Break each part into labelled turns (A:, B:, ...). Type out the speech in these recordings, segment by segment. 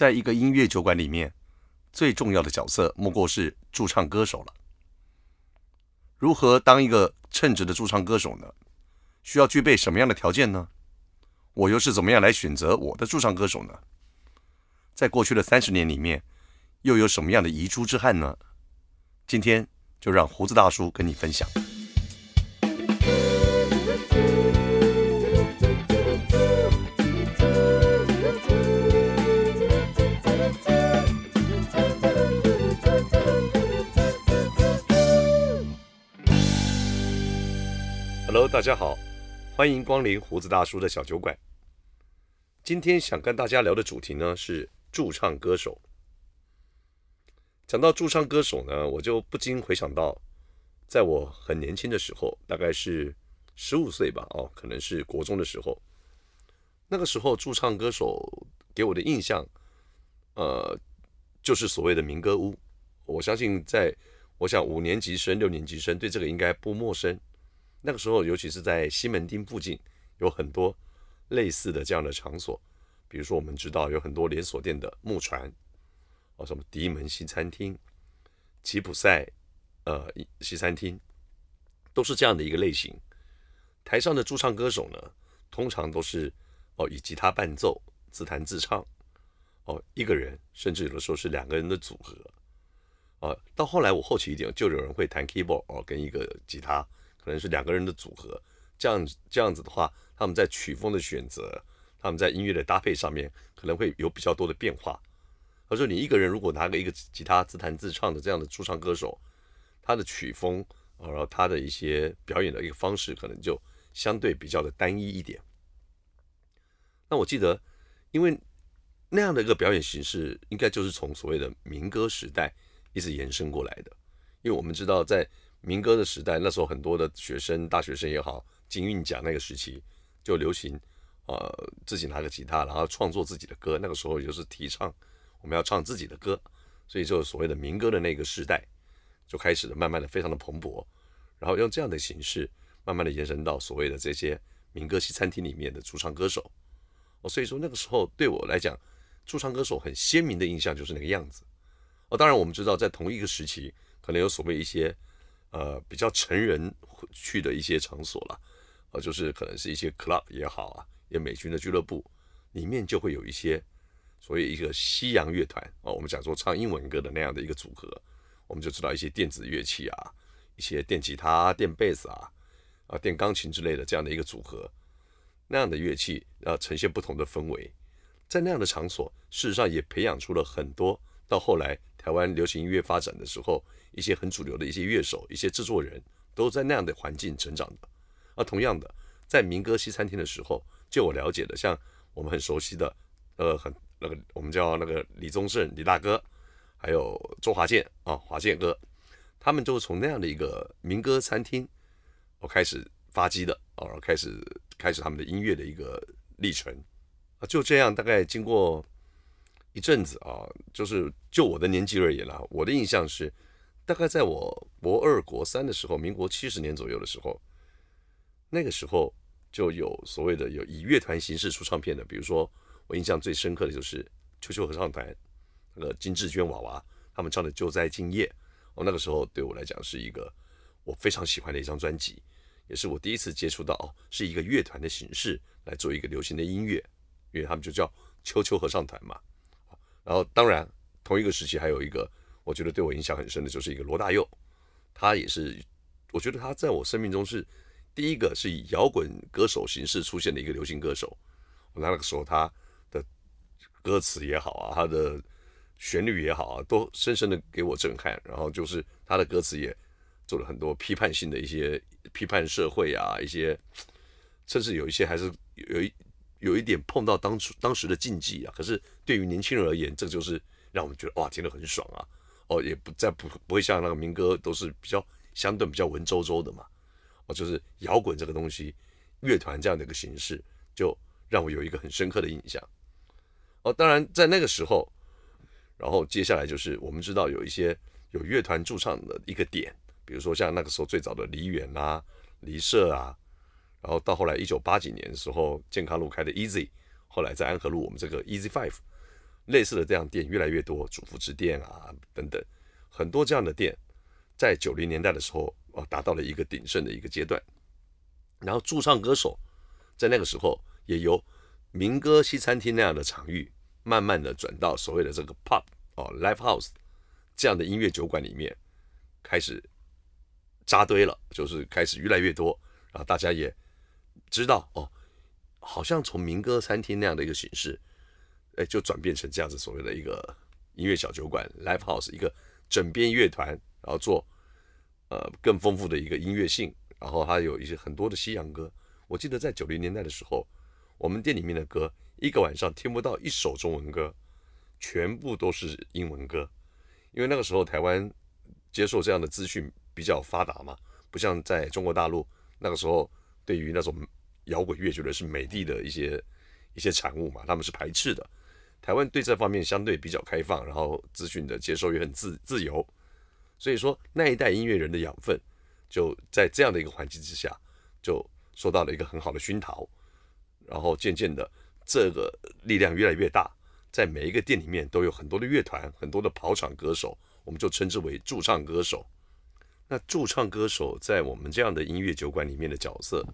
A: 在一個音樂酒館裡面，最重要的角色莫過是駐唱歌手了。如何當一個稱職的駐唱歌手呢？需要具備什麼樣的條件呢？我又是怎麼樣來選擇我的駐唱歌手呢？在過去的三十年裡面，又有什麼樣的遺珠之憾呢？今天就讓鬍子大叔跟你分享。Hello，大家好，歡迎光臨鬍子大叔的小酒館。今天想跟大家聊的主題呢，是駐唱歌手。講到駐唱歌手呢，我就不禁回想到，在我很年輕的時候，大概是十五歲吧，哦，可能是國中的時候。那個時候駐唱歌手給我的印象，呃，就是所謂的民歌屋。我相信，在我想五年級生、六年級生對這個應該不陌生。那個時候，尤其是在西門町附近，有很多類似的這樣的場所，比如說我們知道有很多連鎖店的木船，哦，什麼迪門西餐廳、吉普賽，呃，西餐廳，都是這樣的一個類型。台上的駐唱歌手呢，通常都是哦，以吉他伴奏，自彈自唱，哦，一個人，甚至有的時候是兩個人的組合，哦，到後來我後期一點，就有人會彈 keyboard 哦，跟一個吉他。可能是兩個人的組合，這樣這樣子的話，他們在曲風的選擇，他們在音樂的搭配上面可能會有比較多的變化。他說：“你一個人如果拿個一個吉他自彈自唱的這樣的駐唱歌手，他的曲風，然後他的一些表演的一個方式，可能就相對比較的單一一點。”那我記得，因為那樣的一個表演形式，應該就是從所謂的民歌時代一直延伸過來的，因為我們知道在，民歌的時代，那時候很多的學生，大學生也好，金韻獎那個時期就流行，呃，自己拿個吉他，然後創作自己的歌。那個時候就是提倡我們要唱自己的歌，所以就所謂的民歌的那個時代就開始了，慢慢的非常的蓬勃，然後用這樣的形式慢慢的延伸到所謂的這些民歌西餐廳裡面的駐唱歌手。哦，所以說那個時候對我來講，駐唱歌手很鮮明的印象就是那個樣子。哦，當然我們知道，在同一個時期，可能有所謂一些。呃，比較成人去的一些場所了，啊、呃，就是可能是一些 club 也好啊，也美軍的俱樂部裡面就會有一些所謂一個西洋樂團啊，我們講說唱英文歌的那樣的一個組合，我們就知道一些電子樂器啊，一些電吉他、啊、電貝斯啊，啊，電鋼琴之類的這樣的一個組合，那樣的樂器啊，呈現不同的氛圍，在那樣的場所，事實上也培養出了很多，到後來。台灣流行音樂發展的時候，一些很主流的一些樂手、一些製作人，都是在那樣的環境成長的。啊，同樣的，在民歌西餐廳的時候，就我了解的，像我們很熟悉的，呃，很那個我們叫那個李宗盛，李大哥，還有周華健啊，華健哥，他們就是從那樣的一個民歌餐廳，我開始發跡的，哦、啊，開始開始他們的音樂的一個歷程。啊，就這樣，大概經過。一陣子啊，就是就我的年紀而言啦、啊，我的印象是，大概在我國二國三的時候，民國七十年左右的時候，那個時候就有所謂的有以樂團形式出唱片的，比如說我印象最深刻的就是丘丘合唱團，那個金智娟娃娃他們唱的《就在今夜》，哦，那個時候對我來講是一個我非常喜歡的一張專輯，也是我第一次接觸到哦，是一個樂團的形式來做一個流行的音樂，因為他們就叫丘丘合唱團嘛。然後，當然，同一個時期還有一個，我覺得對我影響很深的就是一個羅大佑，他也是，我覺得他在我生命中是第一個是以搖滾歌手形式出現的一個流行歌手。我那個時候他的歌詞也好啊，他的旋律也好啊，都深深的給我震撼。然後就是他的歌詞也做了很多批判性的一些，批判社會啊，一些甚至有一些還是有一。有一點碰到當初當時的禁忌啊，可是對於年輕人而言，這就是讓我們覺得哇，聽得很爽啊！哦，也不再不不會像那個民歌都是比較相對比較文縐縐的嘛，哦，就是搖滾這個東西，樂團這樣的一個形式，就讓我有一個很深刻的印象。哦，當然在那個時候，然後接下來就是我們知道有一些有樂團駐唱的一個點，比如說像那個時候最早的梨園啊、梨社啊。然後到後來，一九八幾年的時候，健康路開的 Easy，後來在安和路我們這個 Easy Five，類似的這樣店越來越多，主婦之店啊等等，很多這樣的店，在九零年代的時候啊，達到了一個鼎盛的一個階段。然後駐唱歌手，在那個時候也由民歌西餐廳那樣的場域，慢慢的轉到所謂的這個 Pub 哦、啊、Live House 這樣的音樂酒館裡面，開始扎堆了，就是開始越來越多啊，然後大家也，知道哦，好像從民歌餐廳那樣的一個形式，哎，就轉變成這樣子所謂的一個音樂小酒館、Live House，一個整編樂團，然後做呃更豐富的一個音樂性。然後還有一些很多的西洋歌。我記得在九零年代的時候，我們店裡面的歌一個晚上聽不到一首中文歌，全部都是英文歌。因為那個時候台灣接受這樣的資訊比較發達嘛，不像在中國大陸那個時候對於那種。搖滾樂覺得是美的的一些一些產物嘛，他們是排斥的。台灣對這方面相對比較開放，然後資訊的接受也很自自由，所以說那一代音樂人的養分就在這樣的一個環境之下，就受到了一個很好的熏陶。然後漸漸的，這個力量越來越大，在每一個店裡面都有很多的樂團，很多的跑場歌手，我們就稱之為駐唱歌手。那駐唱歌手在我們這樣的音樂酒館裡面的角色，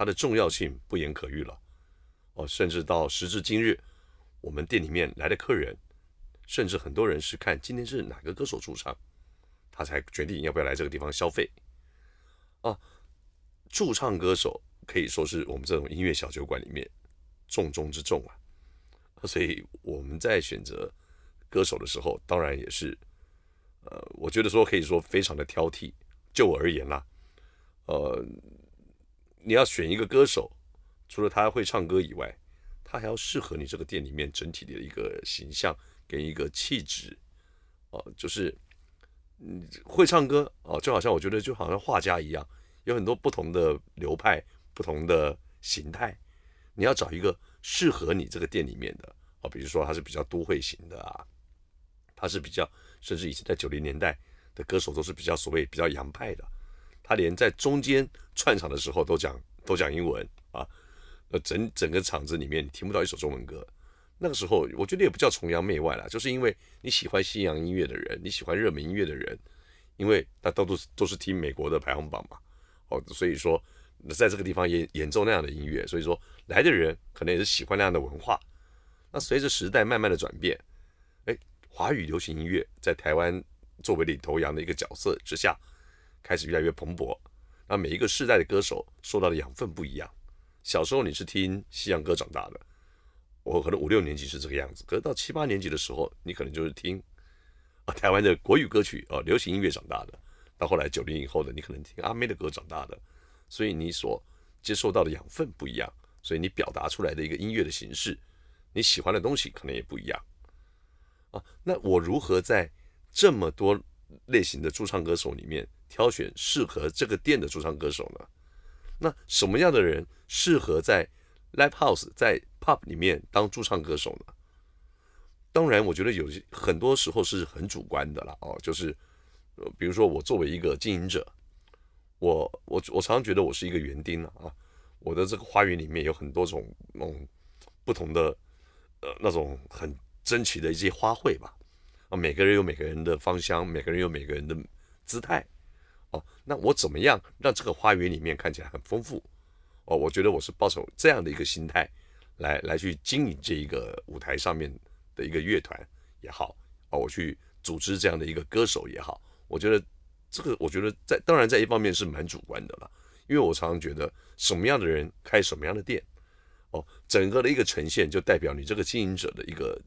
A: 它的重要性不言可喻了，哦，甚至到時至今日，我們店裡面來的客人，甚至很多人是看今天是哪個歌手駐唱，他才決定要不要來這個地方消費，啊，駐唱歌手可以說是我們這種音樂小酒館裡面重中之重啊，所以我們在選擇歌手的時候，當然也是，呃，我覺得說可以說非常的挑剔，就我而言啦，呃。你要選一個歌手，除了他會唱歌以外，他還要適合你這個店裡面整體的一個形象跟一個氣質。哦、呃，就是嗯會唱歌哦、呃，就好像我覺得就好像畫家一樣，有很多不同的流派、不同的形態。你要找一個適合你這個店裡面的哦、呃，比如說他是比較都會型的啊，他是比較甚至以前在九零年代的歌手都是比較所謂比較洋派的。他連在中間串場的時候都講都講英文啊，那整整個場子裡面你聽不到一首中文歌。那個時候我覺得也不叫崇洋媚外啦，就是因為你喜歡西洋音樂的人，你喜歡熱門音樂的人，因為他都都都是聽美國的排行榜嘛，哦，所以說在這個地方演演奏那樣的音樂，所以說來的人可能也是喜歡那樣的文化。那隨着時代慢慢的轉變，哎，華語流行音樂在台灣作為領頭羊的一個角色之下，開始越來越蓬勃。那每一個世代的歌手受到的養分不一樣。小時候你是聽西洋歌長大的，我可能五六年級是這個樣子，可是到七八年級的時候，你可能就是聽啊台灣的國語歌曲、啊，流行音樂長大的。到後來九零以後的，你可能聽阿妹的歌長大的。所以你所接受到的養分不一樣，所以你表達出來的一個音樂的形式，你喜歡的東西可能也不一樣啊。那我如何在這麼多類型的駐唱歌手裡面？挑選適合這個店的駐唱歌手呢？那什麼樣的人適合在 Live House 在 pub 裡面當駐唱歌手呢？當然，我覺得有些很多時候是很主觀的了哦。就是呃，比如說我作為一個經營者，我我我常常覺得我是一個園丁啊，我的這個花園裡面有很多種那種不同的呃那種很珍奇的一些花卉吧啊，每個人有每個人的芳香，每個人有每個人的姿態。哦，那我怎麼樣讓這個花園裡面看起來很豐富？哦，我覺得我是抱着這樣的一個心態來，來來去經營這一個舞台上面的一個樂團也好，啊、哦，我去組織這樣的一個歌手也好，我覺得這個我覺得在當然在一方面是蠻主觀的了，因為我常常覺得什麼樣的人開什麼樣的店，哦，整個的一個呈現就代表你這個經營者的一個，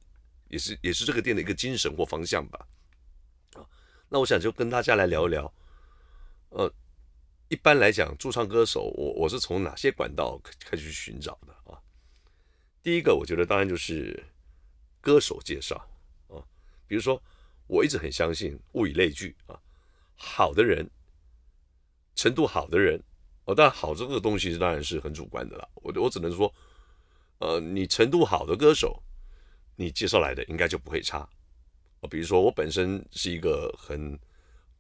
A: 也是也是這個店的一個精神或方向吧，啊、哦，那我想就跟大家來聊一聊。呃，一般來講，駐唱歌手，我我是從哪些管道開始去尋找的啊？第一個，我覺得當然就是歌手介紹啊，呃，比如說，我一直很相信物以類聚啊，呃，好的人，程度好的人，哦，呃，但好這個東西當然是很主觀的了。我我只能說，呃，你程度好的歌手，你介紹來的應該就不會差，呃，比如說，我本身是一個很。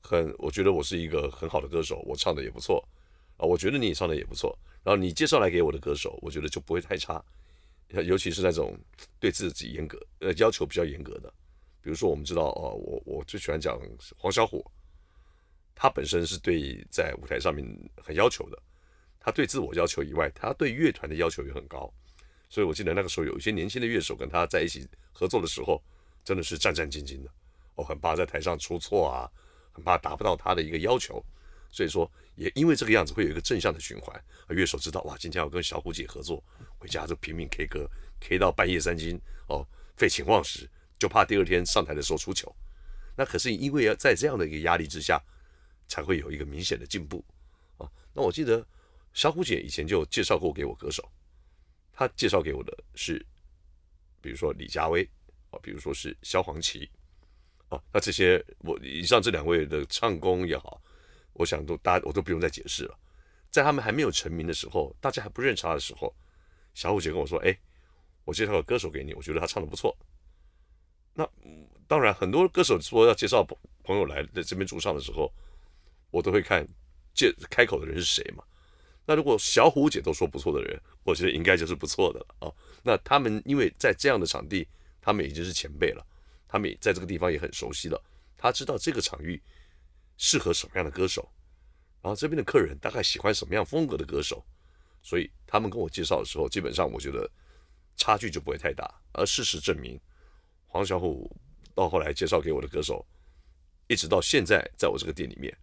A: 很，我覺得我是一個很好的歌手，我唱的也不錯，啊、呃，我覺得你也唱的也不錯。然後你介紹來給我的歌手，我覺得就不會太差。尤其是那種對自己嚴格，呃，要求比較嚴格的，比如說我們知道，哦、呃，我我最喜歡講黃小琥，他本身是對在舞台上面很要求的，他對自我要求以外，他對樂團的要求也很高。所以我記得那個時候，有一些年輕的樂手跟他在一起合作的時候，真的是戰戰兢兢的，我、哦、很怕在台上出錯啊。很怕達不到他的一個要求，所以說也因為這個樣子，會有一個正向的循環，樂手知道，哇，今天要跟小虎姐合作，回家就拼命 K 歌，K 到半夜三更哦，廢寢忘食，就怕第二天上台的時候出糗。那可是因為要在這樣的一個壓力之下，才會有一個明顯的進步啊、哦。那我記得小虎姐以前就介紹過給我歌手，她介紹給我的是，比如說李佳薇啊，比如說是蕭煌奇。那這些我以上這兩位的唱功也好，我想都大家我都不用再解釋了。在他們還沒有成名的時候，大家還不認識他的時候，小虎姐跟我說：“哎，我介紹個歌手給你，我覺得他唱得不錯。”那當然，很多歌手說要介紹朋朋友來在這邊駐唱的時候，我都會看這開口的人是誰嘛。那如果小虎姐都說不錯的人，我覺得應該就是不錯的了啊。那他們因為在這樣的場地，他們已經是前輩了。他們在這個地方也很熟悉了，他知道這個場域適合什麼樣的歌手，然後這邊的客人大概喜歡什麼樣風格的歌手，所以他們跟我介紹的時候，基本上我覺得差距就不會太大。而事實證明，黃小琥到後來介紹給我的歌手，一直到現在在我這個店裡面，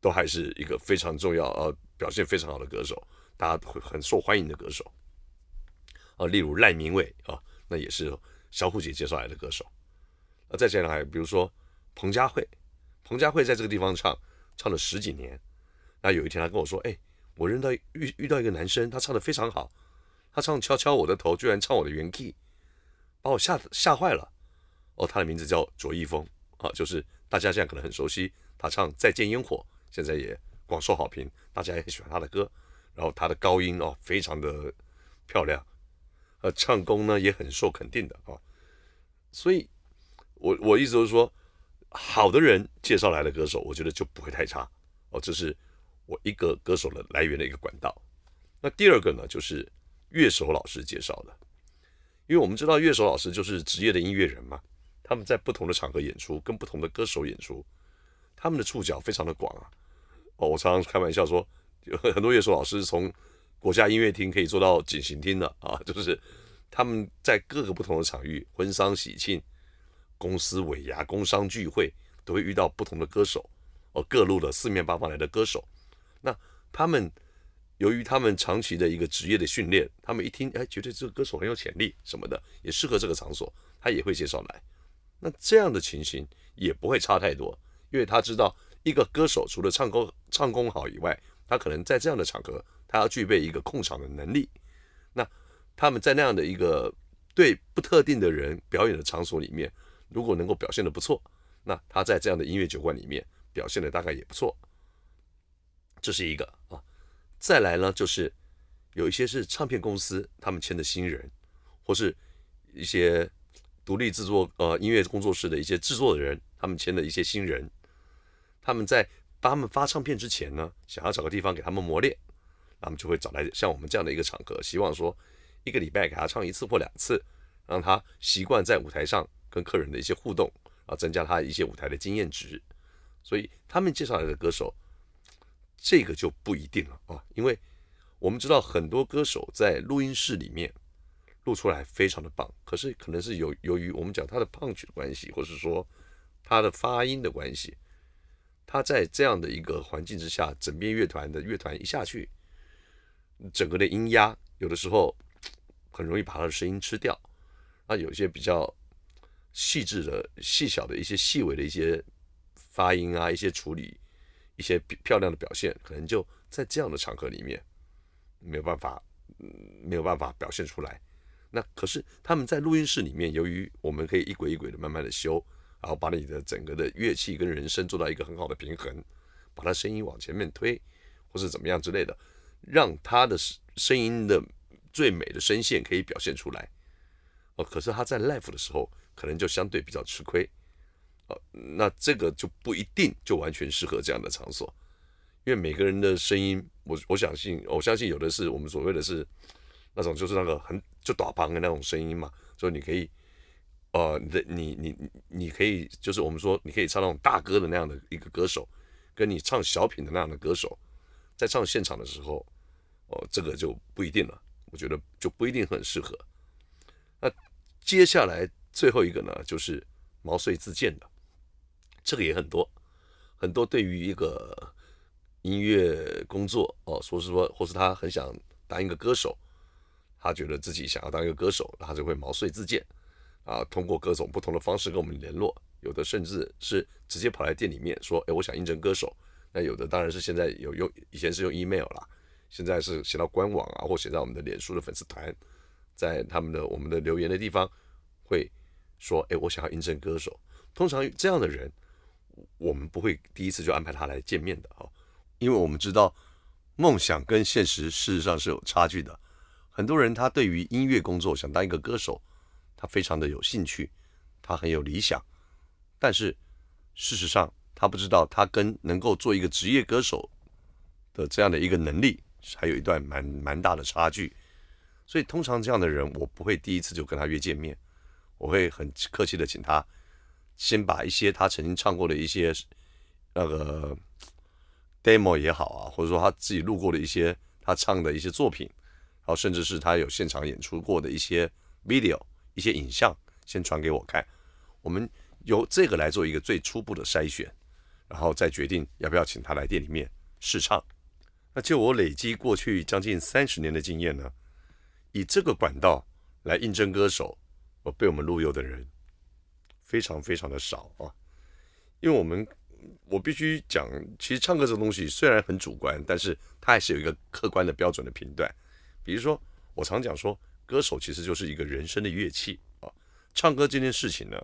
A: 都還是一個非常重要，呃，表現非常好的歌手，大家會很受歡迎的歌手。啊、呃，例如賴明偉啊，那也是。小虎姐介紹來的歌手，啊，再接下來，比如說彭佳慧，彭佳慧在這個地方唱唱了十幾年，那有一天她跟我說，哎，我認到遇遇到一個男生，他唱的非常好，他唱敲敲我的頭，居然唱我的原 key，把我嚇嚇壞了。哦，他的名字叫卓義峰啊，就是大家現在可能很熟悉，他唱《再見煙火》，現在也廣受好評，大家也很喜歡他的歌，然後他的高音哦，非常的漂亮。呃，唱功呢也很受肯定的啊、哦，所以，我我意思是說，好的人介紹來的歌手，我覺得就不會太差哦。這是我一個歌手的來源的一個管道。那第二個呢，就是樂手老師介紹的，因為我們知道樂手老師就是職業的音樂人嘛，他們在不同的場合演出，跟不同的歌手演出，他們的觸角非常的廣啊。哦，我常常開玩笑說，有很多樂手老師從。國家音樂廳可以做到錦行廳的啊，就是他們在各個不同的場域，婚喪喜慶、公司尾牙、工商聚會，都會遇到不同的歌手，哦，各路的四面八方來的歌手。那他們由於他們長期的一個職業的訓練，他們一聽，哎，覺得這個歌手很有潛力什麼的，也適合這個場所，他也會介紹來。那這樣的情形也不會差太多，因為他知道一個歌手除了唱功唱功好以外，他可能在這樣的場合。他具備一個控場的能力，那他們在那樣的一個對不特定的人表演的場所裡面，如果能夠表現的不錯，那他在這樣的音樂酒館裡面表現的大概也不錯。這是一個啊，再來呢就是有一些是唱片公司，他們簽的新人，或是一些獨立製作呃音樂工作室的一些製作的人，他們簽的一些新人，他們在把他們發唱片之前呢，想要找個地方給他們磨練。那麼就會找來像我們這樣的一個場合，希望說一個禮拜給他唱一次或兩次，讓他習慣在舞台上跟客人的一些互動啊，增加他一些舞台的經驗值。所以他們介紹來的歌手，這個就不一定了啊，因為我們知道很多歌手在錄音室裡面錄出來非常的棒，可是可能是由由於我們講他的胖曲的關係，或是說他的發音的關係，他在這樣的一個環境之下，整編樂團的樂團一下去，整個的音壓有的時候很容易把他的聲音吃掉，那有一些比較細緻的、細小的一些細微的一些發音啊，一些處理、一些漂亮的表現，可能就在這樣的場合裡面沒有辦法，沒有辦法表現出來。那可是他們在錄音室裡面，由於我們可以一軌一軌的慢慢的修，然後把你的整個的樂器跟人聲做到一個很好的平衡，把他聲音往前面推，或是怎麼樣之類的。讓他的聲音的最美的聲線可以表現出來，哦，可是他在 live 的時候可能就相對比較吃虧，哦，那這個就不一定就完全適合這樣的場所，因為每個人的聲音，我我相信，我相信有的是我們所謂的是那種就是那個很就短胖的那種聲音嘛，所以你可以，呃，你的你你你可以就是我們說你可以唱那種大歌的那樣的一個歌手，跟你唱小品的那樣的歌手。在唱現場的時候，哦，這個就不一定了。我覺得就不一定很適合。那接下來最後一個呢，就是毛遂自薦的，這個也很多。很多對於一個音樂工作哦，說是說，或是他很想當一個歌手，他覺得自己想要當一個歌手，他就會毛遂自薦啊，通過各種不同的方式跟我們聯絡，有的甚至是直接跑來店裡面說：“哎，我想應徵歌手。”那有的當然是現在有用，以前是用 email 啦，現在是寫到官網啊，或寫在我們的臉書的粉絲團，在他們的我們的留言的地方，會說，哎，我想要應徵歌手。通常這樣的人，我們不會第一次就安排他來見面的哈、哦，因為我們知道夢想跟現實事實上是有差距的。很多人他對於音樂工作想當一個歌手，他非常的有興趣，他很有理想，但是事實上。他不知道，他跟能夠做一個職業歌手的這樣的一個能力，還有一段蠻蠻大的差距。所以通常這樣的人，我不會第一次就跟他約見面，我會很客氣的請他先把一些他曾經唱過的一些那個 demo 也好啊，或者說他自己錄過的一些他唱的一些作品，然後甚至是他有現場演出過的一些 video 一些影像，先傳給我看，我們由這個來做一個最初步的篩選。然後再決定要不要請他來店裡面試唱。那就我累積過去將近三十年的經驗呢，以這個管道來應徵歌手，我被我們錄用的人非常非常的少啊。因為我們，我必須講，其實唱歌這東西雖然很主觀，但是它還是有一個客觀的標準的頻段。比如說，我常講說，歌手其實就是一個人聲的樂器啊。唱歌這件事情呢，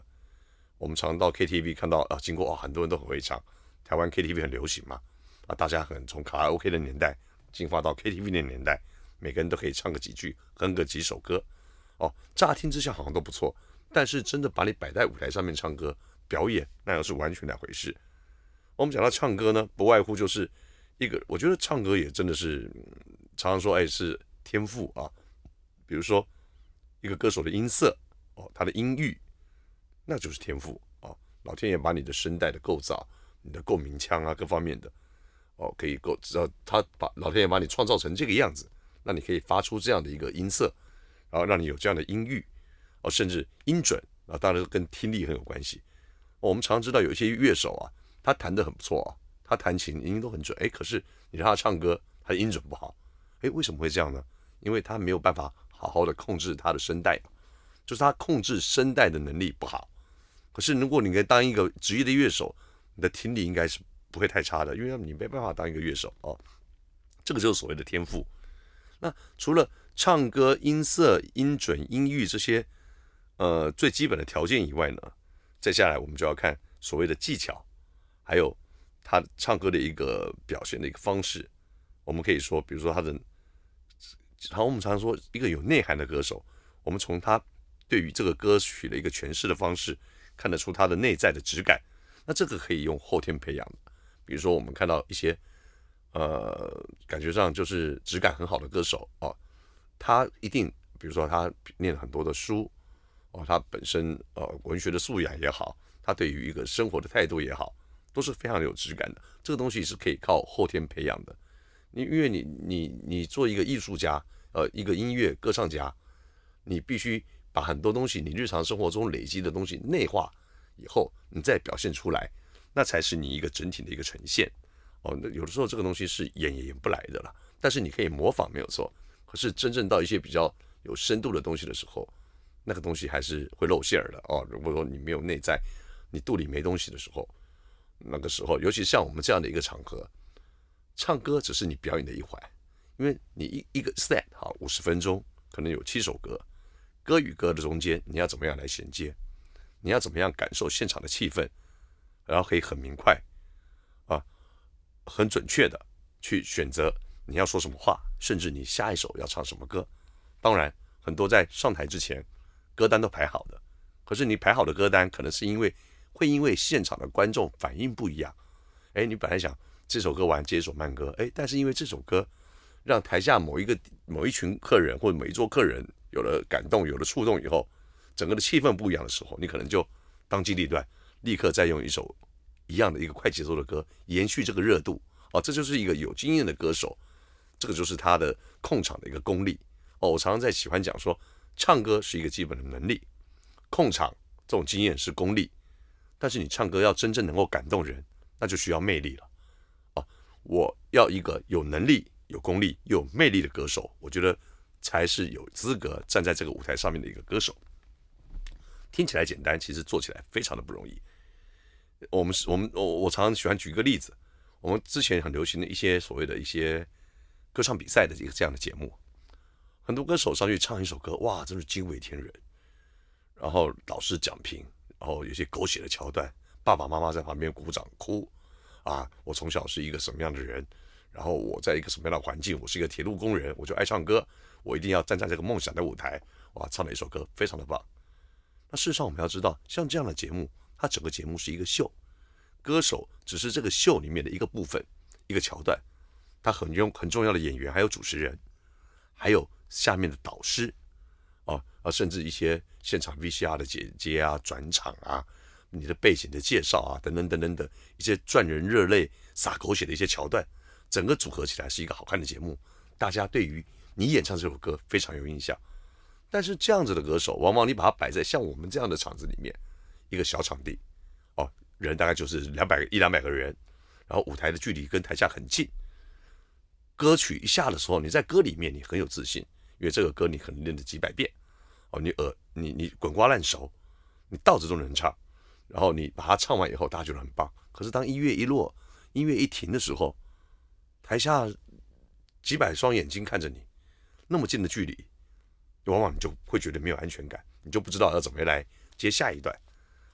A: 我們常到 KTV 看到啊，呃，經過啊、哦，很多人都很會唱。台灣 KTV 很流行嘛，啊，大家很從卡拉 OK 的年代進化到 KTV 的年代，每個人都可以唱個幾句，哼個幾首歌。哦，乍聽之下好像都不錯，但是真的把你擺在舞台上面唱歌表演，那又是完全兩回事，哦。我們講到唱歌呢，不外乎就是一個，我覺得唱歌也真的是常常說，哎，是天賦啊。比如說一個歌手的音色，哦，他的音域。那就是天賦哦，老天爺把你的聲帶的構造、你的共鳴腔啊，各方面的哦，可以構，只要他把老天爺把你創造成這個樣子，那你可以發出這樣的一個音色，然後讓你有這樣的音域，哦，甚至音準啊，然當然跟聽力很有關係。我們常，常知道有一些樂手啊，他彈得很不錯啊，他彈琴音，音都很準，哎，可是你讓他唱歌，他音準不好，哎，為什麼會這樣呢？因為他沒有辦法好好的控制他的聲帶，就是他控制聲帶的能力不好。可是，如果你可以當一個職業的樂手，你的聽力應該是不會太差的，因為你沒辦法當一個樂手啊、哦。這個就是所謂的天賦。那除了唱歌、音色、音準、音域這些呃最基本的條件以外呢，接下來我們就要看所謂的技巧，還有他唱歌的一個表現的一個方式。我們可以說，比如說他的，好，我們常說一個有內涵的歌手，我們從他對於這個歌曲的一個詮釋的方式，看得出他的內在的質感，那這個可以用後天培養的。比如說，我們看到一些，呃，感覺上就是質感很好的歌手哦，他一定，比如說他念很多的書，哦，他本身呃文學的素養也好，他對於一個生活的態度也好，都是非常有質感的。這個東西是可以靠後天培養的。你因為你你你做一個藝術家，呃，一個音樂歌唱家，你必須。把很多東西，你日常生活中累積的東西內化以後，你再表現出來，那才是你一個整體的一個呈現。哦，那有的時候這個東西是演也演不來的了。但是你可以模仿，沒有錯。可是真正到一些比較有深度的東西的時候，那個東西還是會露餡兒的哦。如果說你沒有內在，你肚裡沒東西的時候，那個時候，尤其像我們這樣的一個場合，唱歌只是你表演的一環，因為你一一個 set 好五十分鐘，可能有七首歌。歌與歌的中間，你要怎麼樣來銜接？你要怎麼樣感受現場的氣氛，然後可以很明快，啊，很準確的去選擇你要說什麼話，甚至你下一首要唱什麼歌。當然，很多在上台之前，歌單都排好的。可是你排好的歌單，可能是因為會因為現場的觀眾反應不一樣。哎，你本來想這首歌完接一首慢歌，哎，但是因為這首歌讓台下某一個某一群客人或者每一桌客人。有了感動，有了觸動以後，整個的氣氛不一樣的時候，你可能就當機立斷，立刻再用一首一樣的一個快節奏的歌延續這個熱度。哦，這就是一個有經驗的歌手，這個就是他的控場的一個功力。哦，我常常在喜歡講說，唱歌是一個基本的能力，控場這種經驗是功力，但是你唱歌要真正能夠感動人，那就需要魅力了。哦，我要一個有能力、有功力、有魅力的歌手，我覺得。才是有資格站在這個舞台上面的一個歌手。聽起來簡單，其實做起來非常的不容易我。我們是我們我我常常喜歡舉一個例子，我們之前很流行的一些所謂的一些歌唱比賽的一個這樣的節目，很多歌手上去唱一首歌，哇，真是驚為天人。然後老師講評，然後有些狗血的橋段，爸爸媽媽在旁邊鼓掌哭啊。我從小是一個什麼樣的人？然後我在一個什麼樣的環境？我是一個鐵路工人，我就愛唱歌。我一定要站在這個夢想的舞台，哇，唱了一首歌，非常的棒。那事實上，我們要知道，像這樣的節目，它整個節目是一個秀，歌手只是這個秀裡面的一個部分、一個橋段。它很用很重要的演員，還有主持人，還有下面的導師，啊啊，甚至一些現場 VCR 的剪接啊、轉場啊、你的背景的介紹啊，等等等等等一些賺人熱淚、撒狗血的一些橋段，整個組合起來是一個好看的節目。大家對於。你演唱這首歌非常有印象，但是這樣子的歌手，往往你把它擺在像我們這樣的場子裡面，一個小場地，哦，人大概就是兩百一兩百個人，然後舞台的距離跟台下很近，歌曲一下的時候，你在歌裡面你很有自信，因為這個歌你可能練了幾百遍，哦，你呃你你滾瓜爛熟，你倒着都能唱，然後你把它唱完以後，大家覺得很棒。可是當音樂一落，音樂一停的時候，台下幾百雙眼睛看着你。那麼近的距離，往往你就會覺得沒有安全感，你就不知道要怎麼來接下一段，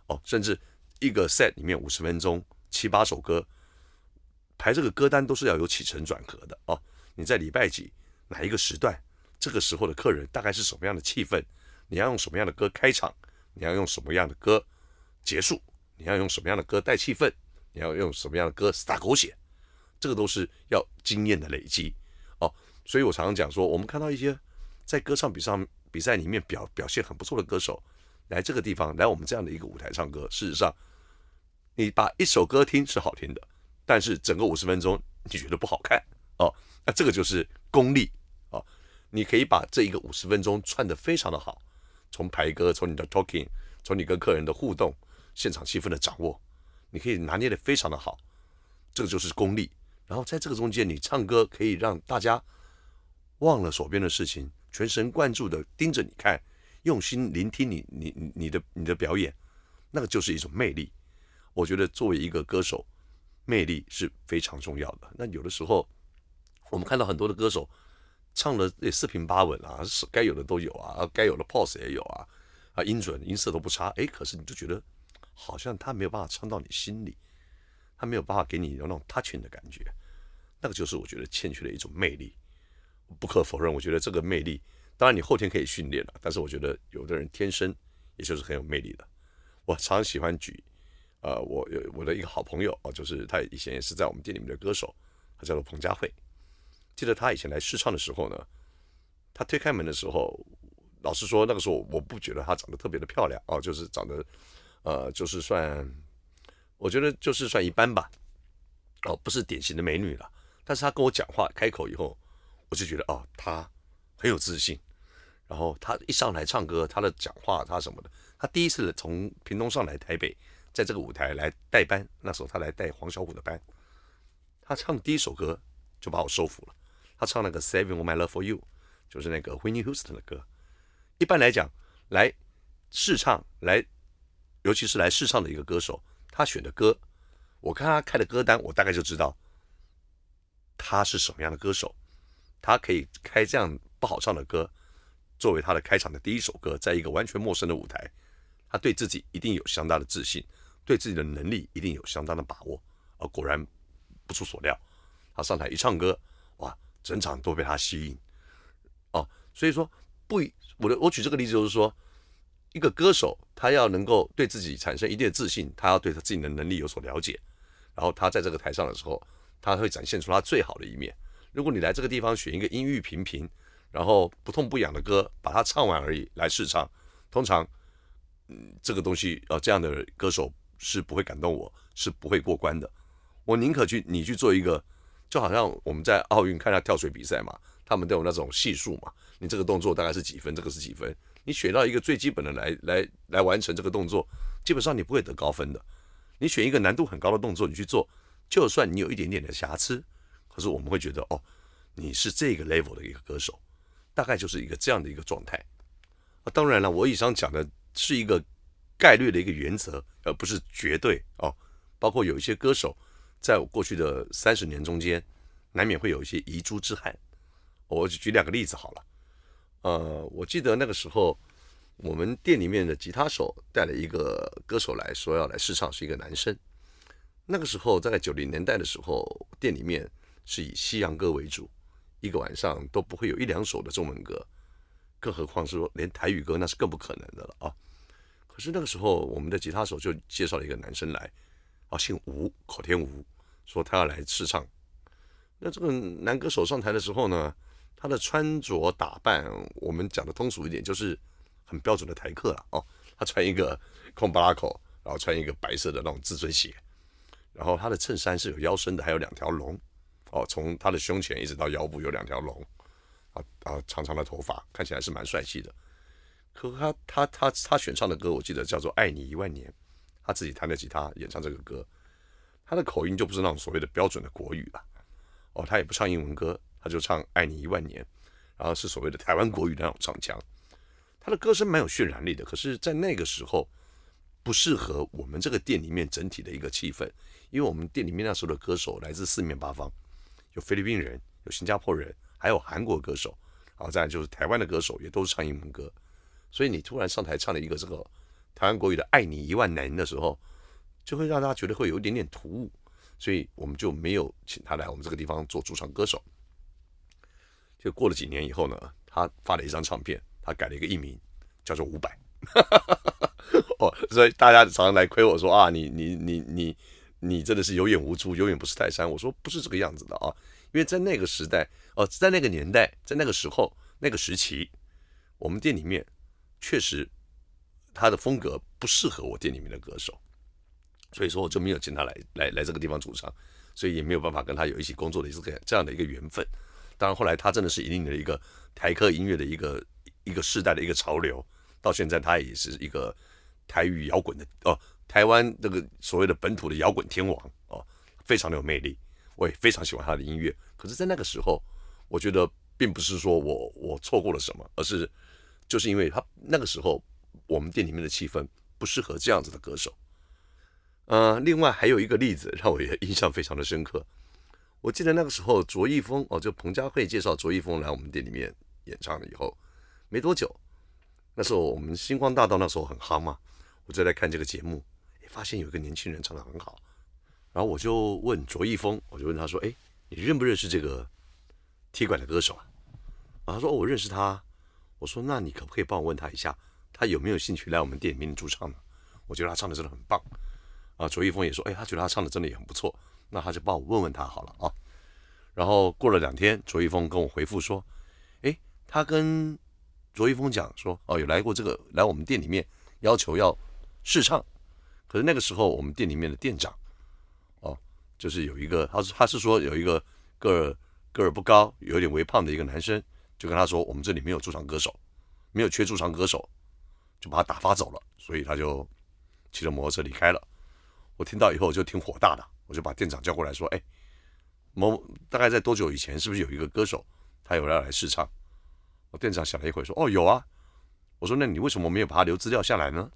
A: 哦，甚至一個 set 裡面五十分鐘七八首歌，排這個歌單都是要有起承轉合的哦，你在禮拜幾哪一個時段，這個時候的客人大概是什麼樣的氣氛，你要用什麼樣的歌開場，你要用什麼樣的歌結束，你要用什麼樣的歌帶氣氛，你要用什麼樣的歌撒狗血，這個都是要經驗的累積。所以我常常講說，我們看到一些在歌唱比上比賽裡面表表現很不錯的歌手，來這個地方來我們這樣的一個舞台唱歌。事實上，你把一首歌聽是好聽的，但是整個五十分鐘你覺得不好看哦。那這個就是功力啊、哦！你可以把這一個五十分鐘串得非常的好，從排歌，從你的 talking，從你跟客人的互動，現場氣氛的掌握，你可以拿捏得非常的好，這個就是功力。然後在這個中間，你唱歌可以讓大家忘了手邊的事情，全神貫注的盯着你看，用心聆聽你你你的你的表演，那個就是一種魅力。我覺得作為一個歌手，魅力是非常重要的。那有的時候，我們看到很多的歌手，唱的四平八穩啊，該有的都有啊，該有的 pose 也有啊，啊，音準音色都不差，誒，可是你就覺得好像他沒有辦法唱到你心裡，他沒有辦法給你有那種 touching 的感覺，那個就是我覺得欠缺的一種魅力。不可否認，我覺得這個魅力，當然你後天可以訓練了，但是我覺得有的人天生也就是很有魅力的。我常常喜歡舉，呃，我有我的一個好朋友哦，就是他以前也是在我們店裡面的歌手，他叫做彭佳慧。記得他以前來試唱的時候呢，他推開門的時候，老實說那個時候我不覺得她長得特別的漂亮哦，就是長得呃就是算，我覺得就是算一般吧，哦，不是典型的美女了。但是他跟我講話開口以後。我就覺得哦，他很有自信，然後他一上來唱歌，他的講話，他什麼的，他第一次從屏東上來台北，在這個舞台來代班，那時候他來代黃小琥的班，他唱第一首歌就把我收服了。他唱那個《Saving All My Love for You》，就是那個 Whitney Houston 的歌。一般來講，來試唱，來，尤其是來試唱的一個歌手，他選的歌，我看他開的歌單，我大概就知道他是什麼樣的歌手。他可以開這樣不好唱的歌作為他的開場的第一首歌，在一個完全陌生的舞台，他對自己一定有相當的自信，對自己的能力一定有相當的把握。啊，而果然不出所料，他上台一唱歌，哇，整場都被他吸引。哦，所以說不，我的我舉這個例子就是說，一個歌手他要能夠對自己產生一定的自信，他要對他自己的能力有所了解，然後他在這個台上的時候，他會展現出他最好的一面。如果你來這個地方選一個音域平平，然後不痛不癢的歌，把它唱完而已來試唱，通常，嗯，這個東西呃這樣的歌手是不會感動我，是不會過關的。我寧可去你去做一個，就好像我們在奧運看下跳水比賽嘛，他們都有那種係數嘛，你這個動作大概是幾分，這個是幾分，你選到一個最基本的來來來完成這個動作，基本上你不會得高分的。你選一個難度很高的動作你去做，就算你有一點點的瑕疵。可是我們會覺得哦，你是這個 level 的一個歌手，大概就是一個這樣的一個狀態。啊，當然了，我以上講的是一個概率的一個原則，而不是絕對哦。包括有一些歌手，在我過去的三十年中間，難免會有一些遺珠之憾。我舉舉兩個例子好了。呃，我記得那個時候，我們店裡面的吉他手帶了一個歌手來說要來試唱，是一個男生。那個時候在九零年代的時候，店裡面。是以西洋歌為主，一個晚上都不會有一兩首的中文歌，更何況是說連台語歌，那是更不可能的了啊！可是那個時候，我們的吉他手就介紹了一個男生來，啊，姓吳，口天吳，說他要來試唱。那這個男歌手上台的時候呢，他的穿着打扮，我們講的通俗一點，就是很標準的台客啊，哦。他穿一個空巴拉口，然後穿一個白色的那種至尊鞋，然後他的襯衫是有腰身的，還有兩條龍。哦，從他的胸前一直到腰部有兩條龍，啊啊，長長的頭髮，看起來是蠻帥氣的。可他他他他選唱的歌，我記得叫做《愛你一萬年》，他自己彈的吉他演唱這個歌，他的口音就不是那種所謂的標準的國語了啊。哦，他也不唱英文歌，他就唱《愛你一萬年》，然後是所謂的台灣國語的那種唱腔。他的歌聲蠻有渲染力的，可是，在那個時候不適合我們這個店裡面整體的一個氣氛，因為我們店裡面那時候的歌手來自四面八方。有菲律賓人，有新加坡人，還有韓國歌手，好、啊、後再就是台灣的歌手，也都是唱英文歌。所以你突然上台唱了一個這個台灣國語的《愛你一萬年》的時候，就會讓大家覺得會有一點點突兀。所以我們就沒有請他來我們這個地方做駐唱歌手。就過了幾年以後呢，他發了一張唱片，他改了一個藝名，叫做伍佰。 哦，所以大家常來虧我說啊，你你你你。你你你真的是有眼無珠，有眼不識泰山。我說不是這個樣子的啊，因為在那個時代，哦，在那個年代，在那個時候，那個時期，我們店裡面確實他的風格不適合我店裡面的歌手，所以說我就沒有請他來來來這個地方駐唱，所以也沒有辦法跟他有一起工作的這個這樣的一個緣分。當然後來他真的是引領了一個台客音樂的一個一個世代的一個潮流，到現在他也是一個台語搖滾的哦、呃。台灣那個所謂的本土的搖滾天王哦，非常的有魅力，我也非常喜歡他的音樂。可是，在那個時候，我覺得並不是說我我錯過了什麼，而是就是因為他那個時候我們店裡面的氣氛不適合這樣子的歌手。呃，另外還有一個例子讓我也印象非常的深刻。我記得那個時候卓一峰哦，就彭佳慧介紹卓一峰來我們店裡面演唱了以後，沒多久，那時候我們星光大道那時候很夯嘛，我就來看這個節目。發現有一個年輕人唱的很好，然後我就問卓一峰，我就問他說：“哎，你認不認識這個踢館的歌手啊？”啊，他說：“哦，我認識他。”我說：“那你可不可以幫我問他一下，他有沒有興趣來我們店裡面駐唱呢？我覺得他唱的真的很棒。”啊，卓一峰也說：“哎，他覺得他唱的真的也很不錯。”那他就幫我問問他好了啊。然後過了兩天，卓一峰跟我回覆說：“哎，他跟卓一峰講說，哦，有來過這個來我們店裡面，要求要試唱。”可是那個時候，我們店裡面的店長，哦，就是有一個，他是他是說有一個個兒個兒不高，有點微胖的一個男生，就跟他說，我們這裡沒有駐唱歌手，沒有缺駐唱歌手，就把他打發走了。所以他就騎着摩托車離開了。我聽到以後，我就挺火大的，我就把店長叫過來說，哎，某大概在多久以前，是不是有一個歌手，他有要來試唱？我店長想了一會，說，哦，有啊。我說，那你為什麼沒有把他留資料下來呢？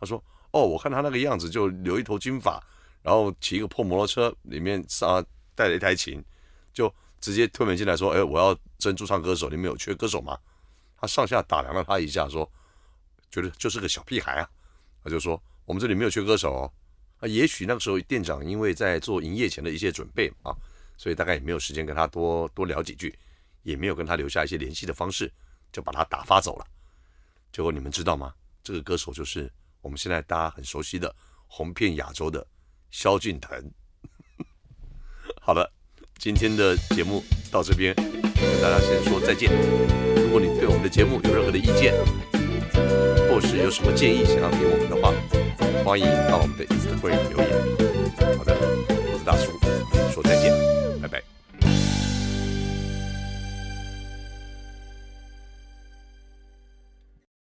A: 他說。哦，我看他那個樣子，就留一頭金髮，然後騎一個破摩托車，裡面啊帶着一台琴，就直接推門進來說：“哎，我要真駐唱歌手，你沒有缺歌手嗎？”他上下打量了他一下，說：“覺得就是個小屁孩啊。”他就說：“我們這裡沒有缺歌手哦。”啊，也許那個時候店長因為在做營業前的一些準備啊，所以大概也沒有時間跟他多多聊幾句，也沒有跟他留下一些聯繫的方式，就把他打發走了。結果你們知道嗎？這個歌手就是。我們現在大家很熟悉的紅遍亞洲的蕭敬騰。 好了，今天的節目到這邊，跟大家先說再見。如果你對我們的節目有任何的意見，或是有什麼建議想要給我們的話，歡迎到我們的 Instagram 留言。好的。